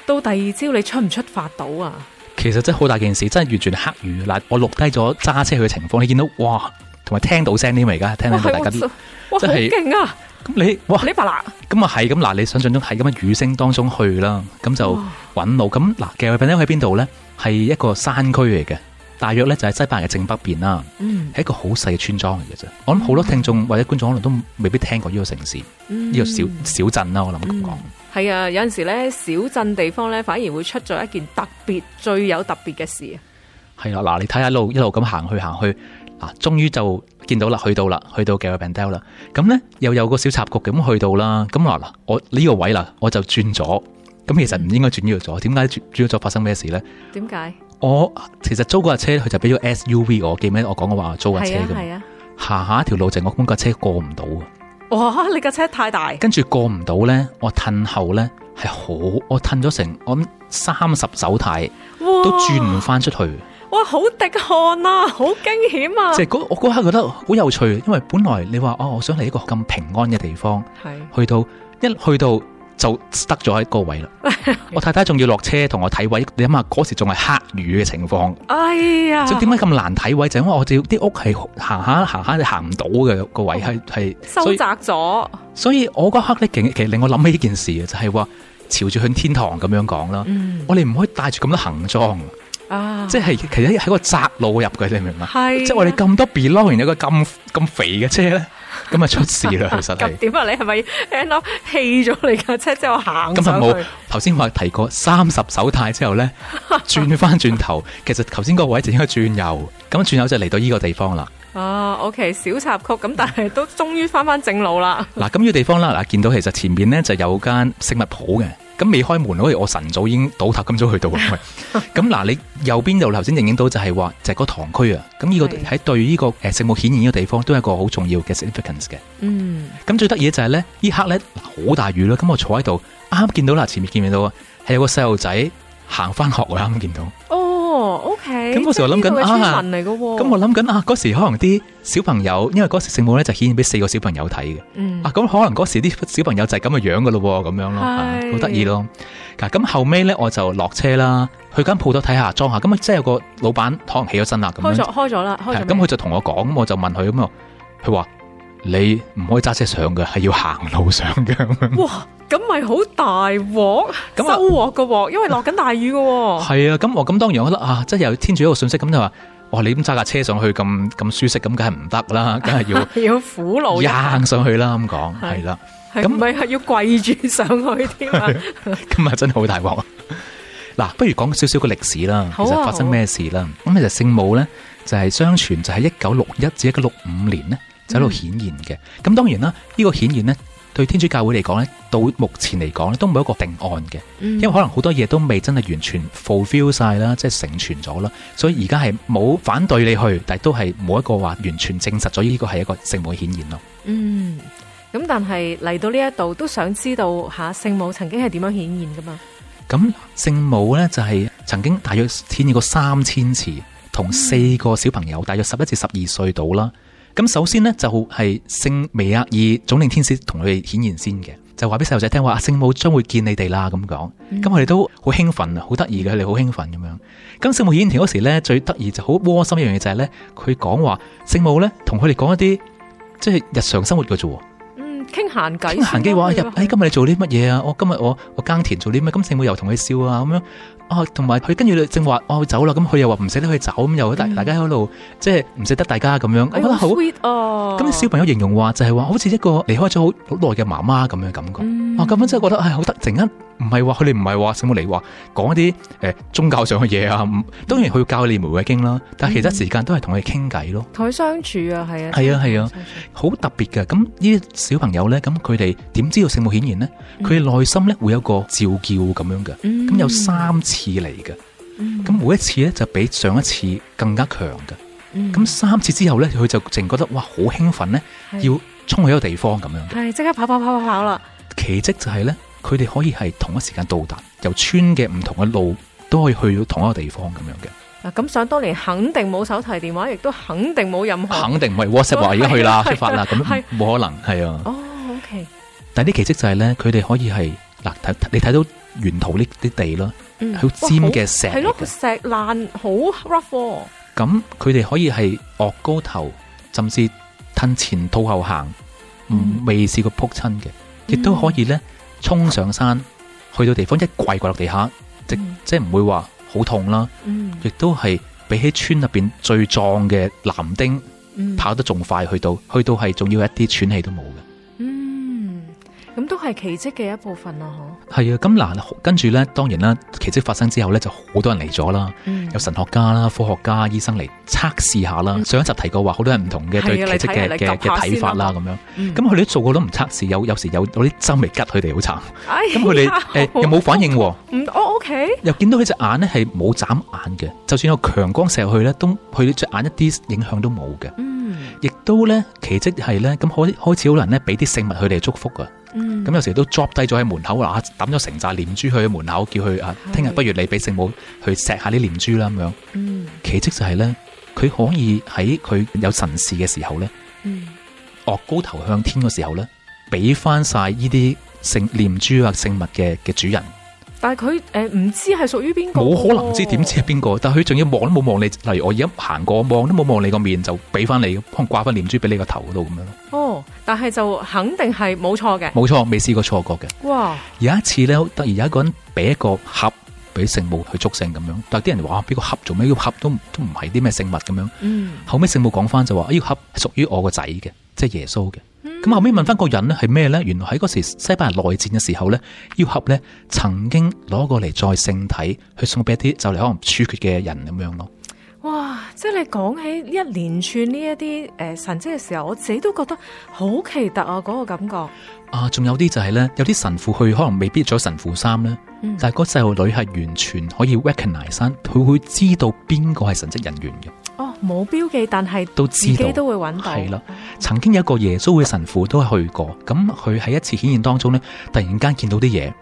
到第二朝你出唔出發到啊？其實真係好大件事，真係完全黑雨嗱。我錄低咗揸車去嘅情況，你見到哇，同埋聽到聲啲未？而家聽到大家？真係勁啊！咁你哇呢白啦？咁啊係咁嗱，你想象中喺咁嘅雨聲當中去啦，咁就搵路。咁嗱、哦，其實喺邊度咧？係一個山區嚟嘅，大約咧就喺西班牙嘅正北邊啦。嗯，係一個好細嘅村莊嚟嘅啫。我諗好多聽眾或者觀眾可能都未必聽過呢個城市，呢、嗯、個小小鎮啦。我諗咁講。係、嗯、啊，有陣時咧，小鎮地方咧反而會出咗一件特別、最有特別嘅事。係啊，嗱，你睇下一路一路咁行去行去。啊，終於就見到啦，去到啦，去到嘅個 Garabandal 啦，咁咧又有個小插曲，咁去到啦，咁話嗱，我呢個位啦，我就轉咗，咁其實唔應該轉咗，點解轉轉咗發生咩事咧？點解？我其實租嗰架車，佢就俾咗 SUV 我，記唔記得我講嘅話租架車咁？啊係下、啊、下一條路就我咁架車過唔到啊！哇！你架車太大。跟住過唔到咧，我褪後咧係好，我褪咗成我三十手軚，哇都轉唔翻出去。哇！好滴汗啊，好驚險啊！即係我嗰刻覺得好有趣，因為本來你話哦，我想嚟一個咁平安嘅地方，係是去到一去到就得咗喺個位啦。 我太太仲要落車同我睇位，你諗下嗰時仲係黑雨嘅情況，哎呀！所以點解咁難睇位，就是、因為我哋啲屋係行下行下你行唔到嘅、那個位係係、哦、收窄咗。所以我嗰刻咧，其其實令我諗起呢件事嘅，就係、是、話朝住向天堂咁樣講啦。嗯、我哋唔可以帶住咁多行裝。啊！即係其實喺個窄路入嘅，你明唔明？係、啊、即係我哋咁多 below，然有一個咁咁肥嘅車咧，咁啊出事啦！其實係咁點啊？你係咪聽到氣咗你架車之後行？咁就冇頭先話提過三十手貸之後咧，轉翻轉頭， 其實頭先個位就應該轉右，咁轉右就嚟到呢個地方啦。啊，OK，小插曲，咁但係都終於翻翻正路啦。嗱、 啊，咁呢個地方啦，嗱，見到其實前邊咧就有間食物鋪嘅。咁未開門，所以我晨早已經倒塌，咁早去到。咁嗱， 你右邊度，頭先認識到就，就係話就係嗰堂區啊。咁呢個喺對呢個誒聖母顯現呢個地方，都係一個好重要嘅 significance 嘅。嗯。咁最得意嘅就係咧，刻呢刻咧好大雨啦。咁我坐喺度，啱啱見到啦，前面見唔見到啊？係有個細路仔行翻學我啱啱見到。O K，咁嗰時我諗緊啊，咁我諗緊啊，嗰時可能啲小朋友，因為嗰時聖母咧就顯現俾四個小朋友睇嘅，嗯、啊，咁可能嗰時啲小朋友就係咁嘅樣噶咯，咁樣咯，好得意咯。咁、啊、後尾咧我就落車啦，去間鋪頭睇下裝下，咁啊即係有個老闆可能起咗身啦，咁開咗開咗啦，咁佢就同我講，咁我就問佢咁啊，佢話。你唔可以揸車上嘅，係要行路上嘅。 哇，咁咪好大鑊，咁高鑊嘅鑊，因為落緊大雨嘅。係啊，咁我咁當然我覺得啊，即係又天主一個信息咁就話，哇，你咁揸架車上去咁咁舒適，咁梗係唔得啦，梗係要 要苦路，掟上去啦咁講，係啦，咁咪係要跪住上去添啊！咁啊，啊 真係好大鑊。嗱、啊，不如講少少嘅歷史啦，啊、其實發生咩事啦？咁、啊啊、其實聖母咧就係、是、相傳就喺一九六一至一九六五年呢。就喺度顯現嘅、嗯，咁當然啦，呢、呢個顯現呢，對天主教會嚟講呢，到目前嚟講呢都冇一個定案嘅，嗯、因為可能好多嘢都未真係完全 fulfill 曬啦，即係成全咗啦，所以而家係冇反對你去，但係都係冇一個話完全證實咗呢個係一個聖母嘅顯現咯。嗯，咁但係嚟到呢一度都想知道下、啊、聖母曾經係點樣顯現㗎嘛？咁聖母呢，就係、係、曾經大約顯現過三千次，同四個小朋友，嗯、大約十一至十二歲到啦。咁首先呢就係聖彌額爾總領天使同佢哋顯現先嘅，就話俾細路仔聽，話聖母將會見你哋啦咁講，咁佢哋都好興奮啊，好得意嘅，佢哋好興奮咁樣。咁聖母顯現嗰時咧，最得意就好窩心一樣嘢就係咧，佢講話聖母咧同佢哋講一啲即係日常生活嘅啫。嗯，傾閒偈。傾閒偈話啊，今日你做啲乜嘢啊？我今日我我耕田做啲乜？咁聖母又同佢笑啊咁樣。哦，同埋佢跟住正話，我、哦、走啦，咁佢又話唔捨得佢走，咁、嗯、又大大家喺度即係唔捨得大家咁樣，哎、呦我覺得好，咁啲、啊、小朋友形容話就係、是、話好似一個離開咗好好耐嘅媽媽咁樣嘅感覺。嗯咁、嗯、樣真係覺得唉好得，陣間唔係話佢哋唔係話聖母嚟話講一啲誒、欸、宗教上嘅嘢啊，當然佢教你《玫瑰經》啦，但係其他時間都係同佢傾偈咯，同佢、嗯、相處啊，係啊，係啊，係啊，好特別嘅。咁呢啲小朋友咧，咁佢哋點知道聖母顯現咧？佢內、嗯、心咧會有個召叫咁樣嘅，咁、嗯、有三次嚟嘅，咁、嗯、每一次咧就比上一次更加強嘅。咁、嗯、三次之後咧，佢就淨覺得哇好興奮咧，是要衝去一個地方咁樣，係即刻跑跑跑跑跑啦。奇蹟就係、是、咧，佢哋可以係同一時間到達，由村嘅唔同嘅路都可以去到同一個地方咁樣嘅。嗱、啊，咁想當年肯定冇手提電話，亦都肯定冇任何，肯定唔係 WhatsApp 話，而家、啊、去啦，的出發啦，咁冇的的可能，係啊。哦、oh,，OK 但、就是。但係啲奇蹟就係咧，佢哋可以係嗱，你睇到沿途呢啲地咯、嗯，好尖嘅石，係咯，石爛好 rough、哦。咁佢哋可以係惡高頭，甚至吞前吐後行，未試過扑親嘅。亦都可以咧，衝、嗯、上山，去到地方一跪跪落地下，即、嗯、即係唔會話好痛啦。嗯、亦都係比起村入邊最壯嘅男丁，嗯、跑得仲快去到，去到係仲要一啲喘氣都冇嘅。咁都係奇蹟嘅一部分啊！嗬，係啊，咁難跟住咧，當然啦，奇蹟發生之後咧，就好多人嚟咗啦，有神學家啦、科學家、醫生嚟測試下啦。上一集提過話，好多人唔同嘅對奇蹟嘅嘅睇法啦，咁樣。咁佢哋做過都唔測試，有有時有啲針嚟拮佢哋好慘。咁佢哋誒又冇反應。唔，我 OK。又見到佢隻眼咧係冇眨眼嘅，就算有強光射入去咧，都佢隻眼一啲影響都冇嘅。亦都咧奇蹟係咧，咁開開始好多人咧俾啲聖物佢哋祝福㗎。咁、嗯、有時都 drop 低咗喺門口啊，抌咗成紮念珠去門口，叫佢啊，聽日不如你俾聖母去錫下啲念珠啦咁樣。嗯，奇蹟就係、是、咧，佢可以喺佢有神事嘅時候咧，昂、嗯、高頭向天嘅時候咧，俾翻晒呢啲聖念珠啊聖物嘅嘅主人。但係佢誒唔知係屬於邊個？冇可能知點知係邊個？但係佢仲要望都冇望你，例如我而家行過望都冇望你個面，就俾翻你，可能掛翻念珠俾你個頭度咁樣咯。哦，但係就肯定係冇錯嘅，冇錯，未試過錯過嘅。哇！有一次咧，突然有一個人俾一個盒俾聖母去祝聖咁樣，但係啲人話俾、啊、個盒做咩？呢個盒都都唔係啲咩聖物咁樣。嗯。後尾聖母講翻就話：呢、這個盒屬於我個仔嘅，即係耶穌嘅。咁、嗯、後尾問翻個人咧，係咩咧？原來喺嗰時西班牙內戰嘅時候咧，要合咧曾經攞過嚟，再聖體去送俾一啲就嚟可能處決嘅人咁樣咯。哇！即係你講起一連串呢一啲誒神跡嘅時候，我自己都覺得好奇特啊！嗰、那個感覺啊，仲有啲就係、是、咧，有啲神父去可能未必着神父衫咧，嗯、但係嗰細路女係完全可以 recognize，佢會知道邊個係神職人員嘅。哦，冇標記，但係到自己都會揾到，都知道，係啦。嗯、曾經有一個耶穌嘅神父都去過，咁佢喺一次顯現當中咧，突然間見到啲嘢，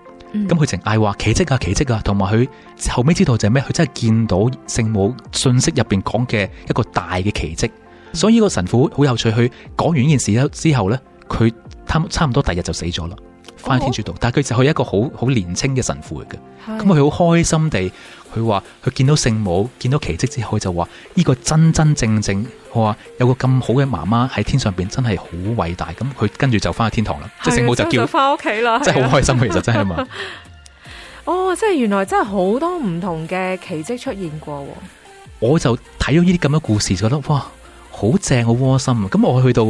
咁佢淨嗌話奇蹟啊，奇蹟啊，同埋佢後尾知道就係咩？佢真係見到聖母信息入邊講嘅一個大嘅奇蹟，所以呢個神父好有趣，佢講完呢件事之後咧，佢差差唔多第日就死咗啦，翻去天主道。哦、但係佢就係一個好好年青嘅神父嚟嘅，咁佢好開心地。佢話佢見到聖母見到奇迹之後，佢就話呢個真真正正，佢話有個咁好嘅媽媽喺天上邊，真係好偉大。咁佢跟住就翻去天堂啦，的即聖母就叫翻屋企啦，的真係好開心 其實真係嘛。 哦，即係原來真係好多唔同嘅奇迹出現過。我就睇咗呢啲咁嘅故事，就覺得哇好正，好窩心。咁我去到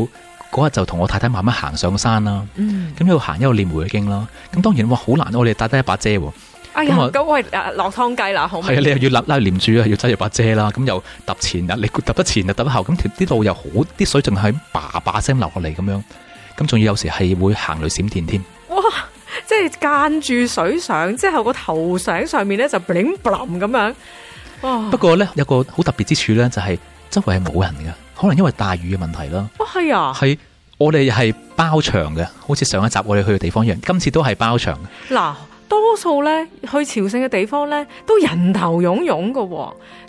嗰日就同我太太慢慢行上山啦。嗯，咁一路行一路念《玫瑰經》啦。咁當然哇，好難，我哋帶得一把遮喎。哎呀，咁、嗯、我喂，落湯雞啦，好係你又要拉拉住，要揸住把遮啦，咁又揼前，啊，你揼得前又揼得後，咁條啲路又好，啲水仲係叭叭聲流落嚟咁樣，咁仲要有時係會行雷閃電添。哇！即係間住水上之後個頭上上面咧就 bling bling 咁樣。哇！不過咧有個好特別之處咧就係、是、周圍係冇人噶，可能因為大雨嘅問題啦。哇，係啊！係我哋係包場嘅，好似上一集我哋去嘅地方一樣，今次都係包場的。嗱。多數咧去朝聖嘅地方咧都人頭涌涌嘅，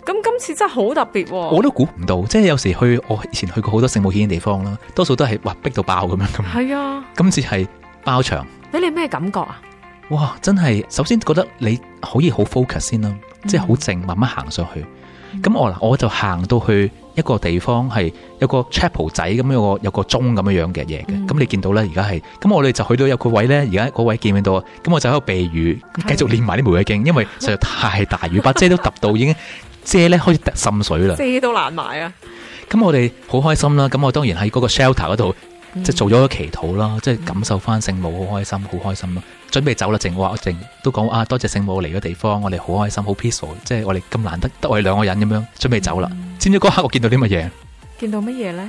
咁今次真係好特別，哦。我都估唔到，即係有時去我以前去過好多聖母顯嘅地方啦，多數都係哇逼到爆咁樣咁。係啊，今次係包場。俾你咩感覺啊？哇，真係首先覺得你可以好 focus 先啦，嗯、即係好靜，慢慢行上去。咁我嗱，我就行到去。一個地方係有一個 chapel 仔咁有個有個鐘咁樣嘅嘢嘅。咁、嗯、你見到咧而家係，咁我哋就去到有個位咧，而家嗰位見唔見到啊？咁我就喺度避雨，的繼繼續練埋啲《玫瑰經》，因為實在太大雨，把遮 都揼到已經，遮咧開始滲水啦，遮都爛埋啊！咁我哋好開心啦，咁我當然喺嗰個 shelter 嗰度。即係、嗯、做咗個祈禱啦，即、就、係、是、感受翻聖母好開心，好開心咯、嗯啊，就是，準備走啦！淨話我淨都講啊，多謝聖母嚟嘅地方，我哋好開心，好 peaceful，即係我哋咁難得得我哋兩個人咁樣準備走啦。知唔知嗰刻我見到啲乜嘢？見到乜嘢咧？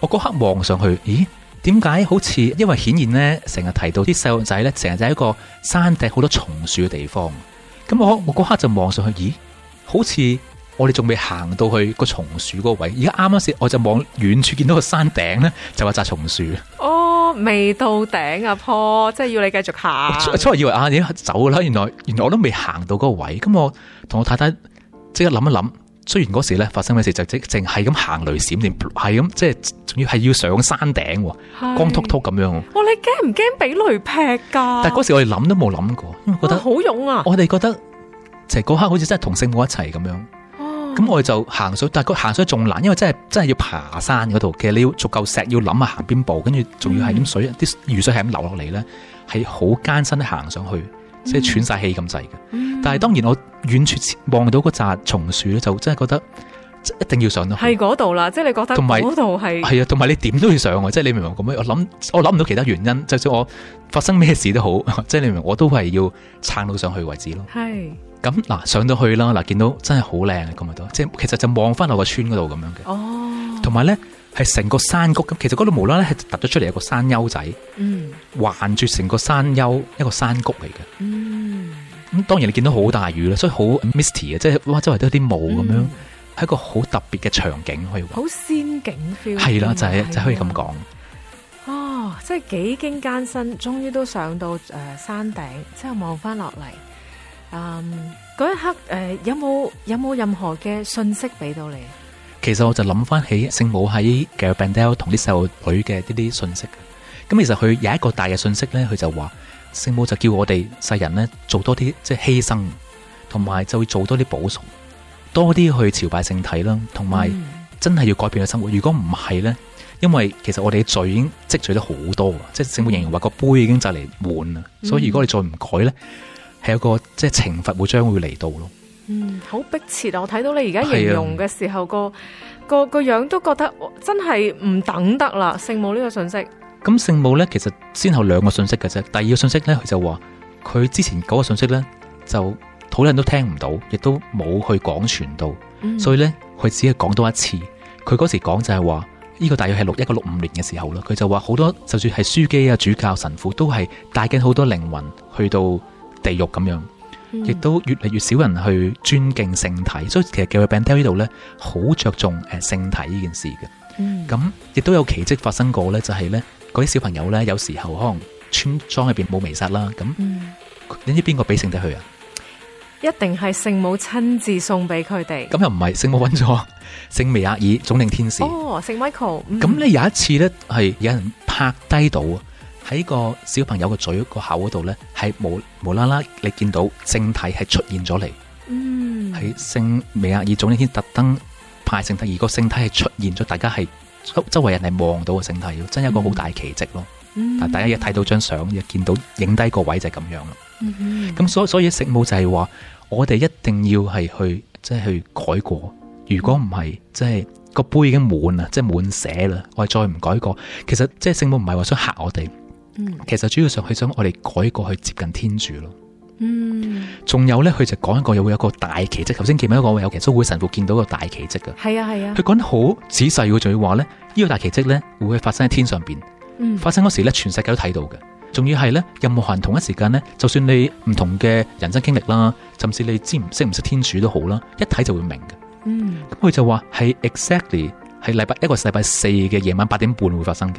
我嗰刻望上去，咦？點解好似因為顯然咧，成日提到啲細路仔咧，成日就喺個山頂好多松樹嘅地方。咁我我嗰刻就望上去，咦？好似。我哋仲未行到去個松樹嗰個位，而家啱啱先，我就望遠處見到個山頂咧，就係、是、扎松樹。哦，未到頂啊，坡，即係要你繼續行。初初以為啊，已經走噶啦，原來原來我都未行到嗰個位。咁我同我太太即刻諗一諗，雖然嗰時咧發生咩事，就即淨係咁行雷閃電，係咁即係仲要係要上山頂，是光禿禿咁樣。哇、哦，你驚唔驚俾雷劈噶、啊？但嗰時我哋諗都冇諗過，因為覺得、哦、好勇啊。我哋覺得，其實嗰刻好似真係同聖母一齊咁樣。咁我就行水，但係佢行水仲難，因為真係真係要爬山嗰度。其實你要足夠石，要諗下行邊步，跟住仲要係啲水，啲雨、嗯、水係咁流落嚟咧，係好艱辛行上去，即係、嗯、喘晒氣咁滯嘅。嗯、但係當然我遠處望到嗰扎松樹咧，就真係覺得一定要上到係嗰度啦，即係、就是、你覺得嗰度係係啊，同埋你點都要上，即、就、係、是、你明唔明，咁我諗我諗唔到其他原因，就算我發生咩事都好，即、就、係、是、你明白，我都係要撐到上去為止咯。係。咁嗱，上到去啦，嗱，見到真係好靚嘅咁啊！都即係其實就望翻落個村嗰度咁樣嘅，同埋咧係成個山谷咁。其實嗰度無啦啦係突咗出嚟一個山丘仔，嗯、環住成個山丘一個山谷嚟嘅。咁、嗯、當然你見到好大雨啦，所以好 misty 啊，即係哇周圍都有啲霧咁樣，係、嗯、一個好特別嘅場景可以好仙境 feel 係啦，就係、是、的就可以咁講。哦，即係幾經艱辛，終於都上到、呃、山頂，之後望翻落嚟。嗰、um, 一刻誒、呃，有冇有冇任何嘅信息俾到你？其實我就諗翻起聖母喺嘅 Garabandal 同啲細路女嘅啲啲信息，咁其實佢有一個大嘅信息咧，佢就話聖母就叫我哋世人咧做多啲即係犧牲，同埋就會做多啲補贖，多啲去朝拜聖體啦，同埋真係要改變嘅生活。如果唔係咧，因為其實我哋嘅罪已經積聚咗好多，即係聖母仍然話個杯已經就嚟滿啦，所以如果你再唔改咧。嗯呢係有一個即係懲罰，就是、會將會嚟到咯。嗯，好迫切啊！我睇到你而家形容嘅時候，啊、個個個樣都覺得真係唔等得啦、嗯。聖母呢個信息，咁聖母咧，其實先後兩個信息嘅啫。第二個信息咧，佢就話佢之前嗰個信息咧，就好多人都聽唔到，亦都冇去講傳道。嗯、所以咧佢只係講多一次。佢嗰時講就係話，呢、這個大約係六一個六五年嘅時候啦。佢就話好多，就算係樞機啊、主教、神父都係帶緊好多靈魂去到。地獄咁樣，亦都越嚟越少人去尊敬聖體，所以其實教會 Bandel 呢度咧，好着重誒聖、啊、體呢件事嘅。咁亦、嗯、都有奇迹發生過咧，就係咧嗰啲小朋友咧，有時候可能村莊入邊冇彌撒啦，咁、嗯、你知邊個俾聖體去啊？一定係聖母親自送俾佢哋。咁又唔係聖母搵咗聖彌額爾總領天使哦，聖 Michael、嗯。咁咧有一次咧，係有人拍低到喺個小朋友個嘴、個口嗰度咧，係無無啦啦，你見到聖體係出現咗嚟。嗯，喺聖美亞爾總領天特登派聖體，而個聖體係出現咗，大家係周周圍人係望到個聖體，真係一個好大奇蹟咯。嗯、但大家一睇到張相，一、嗯、見到影低個位就係咁樣咯。咁所、嗯嗯、所以聖母就係話，我哋一定要係去即係、即係、去改過。如果唔係，即、就、係、係、個杯已經滿啦，即係滿寫啦，我哋再唔改過，其實即係聖母唔係話想嚇我哋。嗯、其實主要上佢想我哋改過去接近天主咯。嗯，仲有咧，佢就講一個又會有一個大奇蹟。頭先記唔記得我有耶穌會神父見到一個大奇蹟噶？係啊，係啊。佢講、啊、得好仔細，佢仲要話咧，呢、呢個大奇蹟咧會會發生喺天上邊。嗯、發生嗰時咧全世界都睇到嘅。仲要係咧任何人同一時間咧，就算你唔同嘅人生經歷啦，甚至你知唔識唔識天主都好啦，一睇就會明嘅。嗯，咁佢就話係 exactly 係禮拜一個禮拜四嘅夜晚八點半會發生嘅。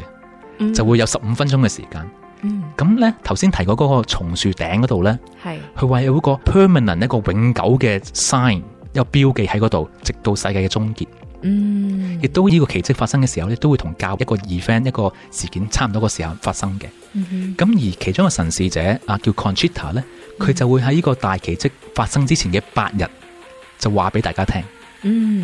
Mm. 就會有十五分鐘嘅時間。咁咧、mm.，頭先提過嗰個松樹頂嗰度咧，係佢話有個 permanent 一個永久嘅 sign 一個標記喺嗰度，直到世界嘅終結。嗯，mm. 亦都呢個奇蹟發生嘅時候咧，都會同教一個 event 一個事件差唔多個時候發生嘅。咁、mm hmm. 而其中個神使者啊，叫 Conchita 咧，佢就會喺呢個大奇蹟發生之前嘅八日，就話俾大家聽。嗯、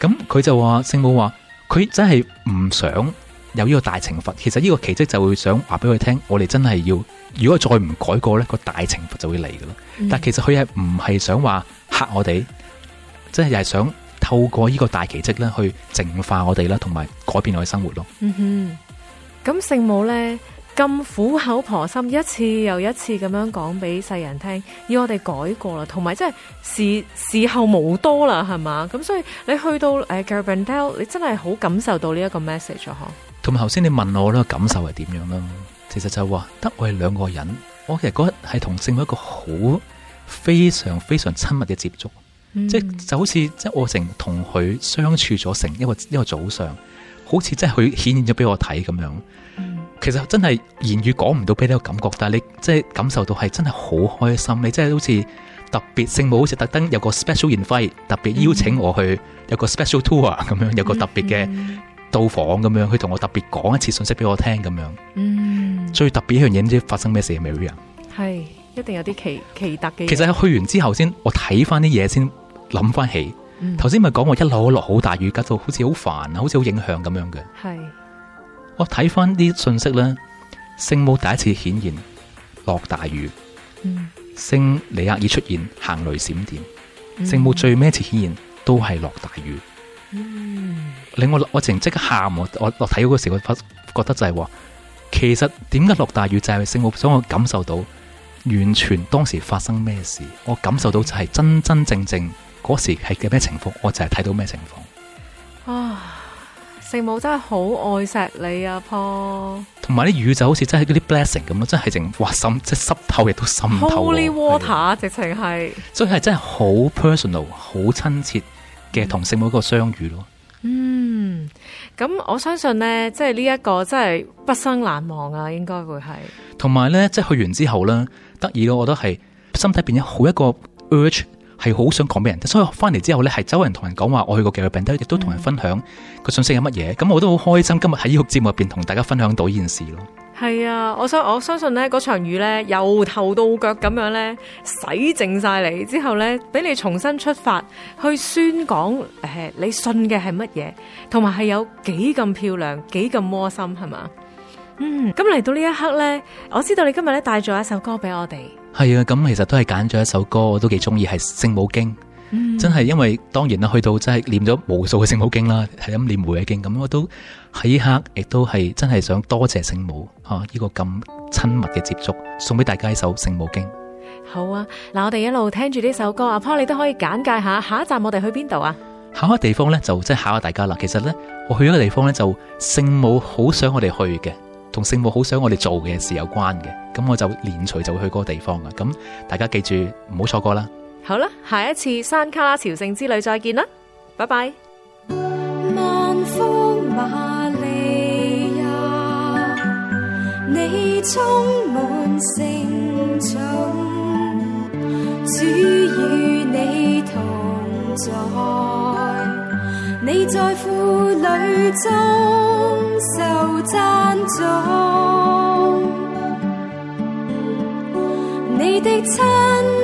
mm.，咁佢就話聖母話佢真係唔想。有呢個大懲罰，其實呢個奇蹟就會想話俾佢聽，我哋真係要，如果再唔改過咧，個大懲罰就會嚟嘅啦。但其實佢係唔係想話嚇我哋，即係又係想透過呢個大奇蹟咧去淨化我哋啦，同埋改變我哋生活咯。咁、嗯、聖母咧咁苦口婆心，一次又一次咁樣講俾世人聽，要我哋改過啦，同埋即係事時後無多啦，係嘛？咁所以你去到誒 Garabandal，你真係好感受到呢一個 message。同埋，頭先你問我咧，我感受係點樣啦？其實就話、是、得我係兩個人，我其實覺得係同聖母一個好非常非常親密嘅接觸、嗯，即係就好似即係我成同佢相處咗成一個一個早上，好似即係佢顯現咗俾我睇咁樣。嗯、其實真係言語講唔到俾你個感覺，但係你即係感受到係真係好開心，你即係好似特別聖母好似特登有個 special invite，特別邀請我去、嗯、有個 special tour 咁樣，有個特別嘅。嗯嗯到訪咁樣，佢同我特別講一次信息俾我聽咁樣。嗯，最特別一樣嘢，唔知發生咩事是 Maria 係一定有啲奇奇特嘅。其實去完之後先，我睇翻啲嘢先諗翻起。頭先咪講我一路落好大雨，搞到好似好煩啊，好似好影響咁樣嘅。係是我睇翻啲信息咧，聖母第一次顯現落大雨。嗯，聖尼亞爾出現行雷閃電，嗯、聖母最尾一次顯現都係落大雨。嗯。嗯令我我情即刻喊我落睇嗰個時，我發覺得就係話，其實點解落大雨就係、是、聖母，所以我感受到完全當時發生咩事，我感受到就係真真正正嗰時係嘅咩情況，我就係睇到咩情況。啊，聖母真係好愛錫你啊 Paul，同埋啲雨就好似真係嗰啲 blessing 咁咯，真係淨哇滲，即濕透亦都滲透。Holy water，是直情係，所以係真係好 personal、好親切嘅同聖母嗰個相遇咯。嗯嗯，咁我相信呢，即係呢一個真係畢生難忘啊，應該會係。同埋呢，即係去完之後呢得意，咯，我覺得係心底變咗好一個 urge，係好想講俾人。所以翻嚟之後呢，係周圍人同人講話，我去過幾個病房，亦都同人分享個信息有乜嘢。咁、嗯、我都好開心，今日喺呢個節目入邊同大家分享到呢件事咯。係啊，我想我相信咧，嗰場雨咧，由頭到腳咁樣咧洗淨曬你，之後咧俾你重新出發去宣講誒、呃，你信嘅係乜嘢，同埋係有幾咁漂亮，幾咁窩心，係嘛？嗯，咁嚟到呢一刻咧，我知道你今日咧帶咗一首歌俾我哋。係啊，咁其實都係揀咗一首歌，我都幾中意，係《聖母經》。 真係因為當然啦，去到真係念咗無數嘅聖母經啦，係、就、咁、是、念每嘅經，咁我都喺呢刻亦都係真係想多謝聖母呢、啊呢個咁親密嘅接觸，送俾大家一首聖母經。好啊，嗱，我哋一路聽住呢首歌啊，Paul 你都可以簡介下下一站我哋去邊度啊？下一個地方咧就即係考下大家啦。其實咧，我去一個地方咧就聖母好想我哋去嘅，同聖母好想我哋做嘅事有關嘅。咁我就連隨就會去嗰個地方嘅。咁大家記住唔好錯過啦。好啦，下一次山卡拉朝聖之旅再見啦，拜拜。萬福瑪利亞，你充滿聖寵，主與你同在，你在婦女中受讚頌，你的親。